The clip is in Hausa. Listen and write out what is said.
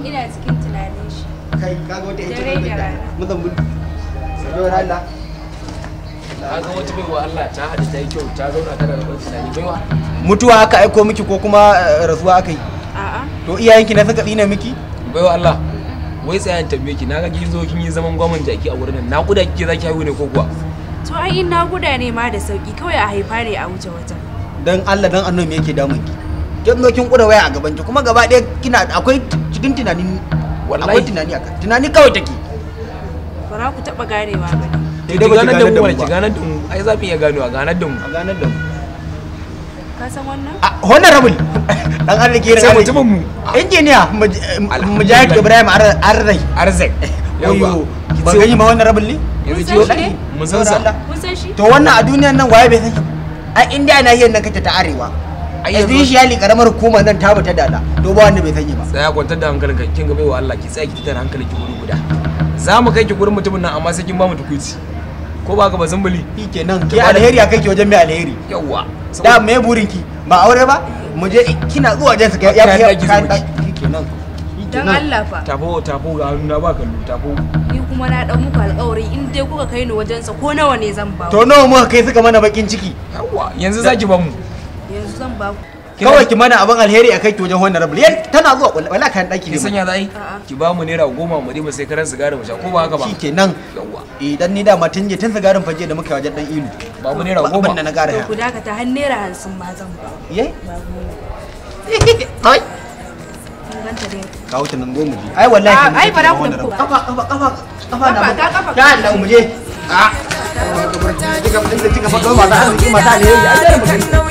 kullum ina cikin tunanin shi kai kaga wata ita da rana mutan bulu saboda Allah kaga wata baiwa Allah ta hada ta yi kyau ta zauna tana da tunani baiwa mutuwa aka aiko miki ko kuma eh, rasuwa aka yi a'a to iyayenki na suka tsina miki baiwa Allah wai tsayan tambaye ki naga kin zo kin yi zaman gwamnati jaki a wurin nan na guda kike zaki haihu ne ko kuwa to ai in na guda ne ma da sauki kawai a haifa ne a wuce wata dan Allah dan annabi yake damun ki kin zo kin kuda waya a gaban ki kuma gaba ɗaya kina akwai cikin tunanin wallahi tunani aka tunani kawai take ba za ku taba ganewa ba ne da ganar da mu wani ki ganar da mu ai za ya iya ganewa ganar da mu a ganar da mu ka san wannan a honorable dan arziki ne sai mutumin mu injiniya eh, mujahid ibrahim arzai arzai yau ba gani ma wannan rabin ne yanzu ji mun san sa to wannan a duniyar nan waye bai san shi ai indiya na nahiyar nan kake ta arewa especially karamar hukumar nan ta ta dala to ba wanda bai sani ba tsaya kwantar da hankalinka kin ga baiwa Allah ki tsaya ki tana tara ki guri guda za mu kai ki gurin mutumin nan amma sai kin ba mu tukuci ko ba ka ba zumbuli ke nan ki alheri a kai ki wajen mai alheri yawa da me burin ki ba aure ba mu je kina zuwa wajen su ka ya ya kenan dan Allah fa tafo tafo ga hannu ba kallo tafo ni kuma na dan muku alƙawari in dai kuka kai ni wajen sa ko nawa ne zan ba to nawa muka kai suka mana bakin ciki yawa yanzu zaki ba mu yanzu zan kawai ki mana abin alheri a kai ki wajen honorable yan tana zuwa wala kan daki ne sanya zai ki ba mu naira goma mu mu sai karan sigari mu ko ba haka ba shikenan yawa idan ni da tun je tun sigarin faje da muka wajen dan ilu ba mu naira goma na gara ya ku dakata har naira 50 ma zan ba ye ai kawo ta nan goma ai wallahi ai bara ku kafa kafa kafa kafa na kafa kafa ya Allah mu je a ka bar ta diga mun da diga fa ba za a yi mata ne ai da mu